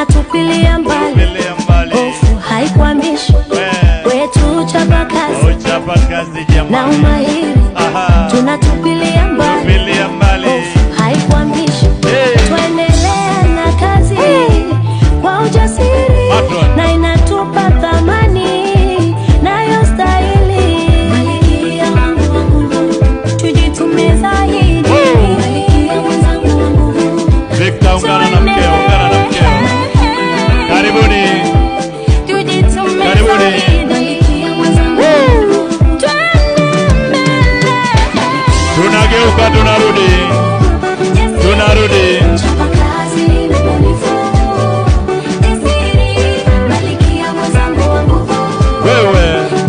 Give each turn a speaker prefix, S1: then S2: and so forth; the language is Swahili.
S1: Anatupilia
S2: mbali
S1: hofu haikwamishi wetu uchapa kazi na umahiri, tunatupilia
S2: mbali
S1: hofu haikwamishi Twaendelea na kazi Kwa ujasiri Na inatupa thamani nayo stahili tujitume zaidi
S2: tunageuka, tunarudi, tunarudi wewe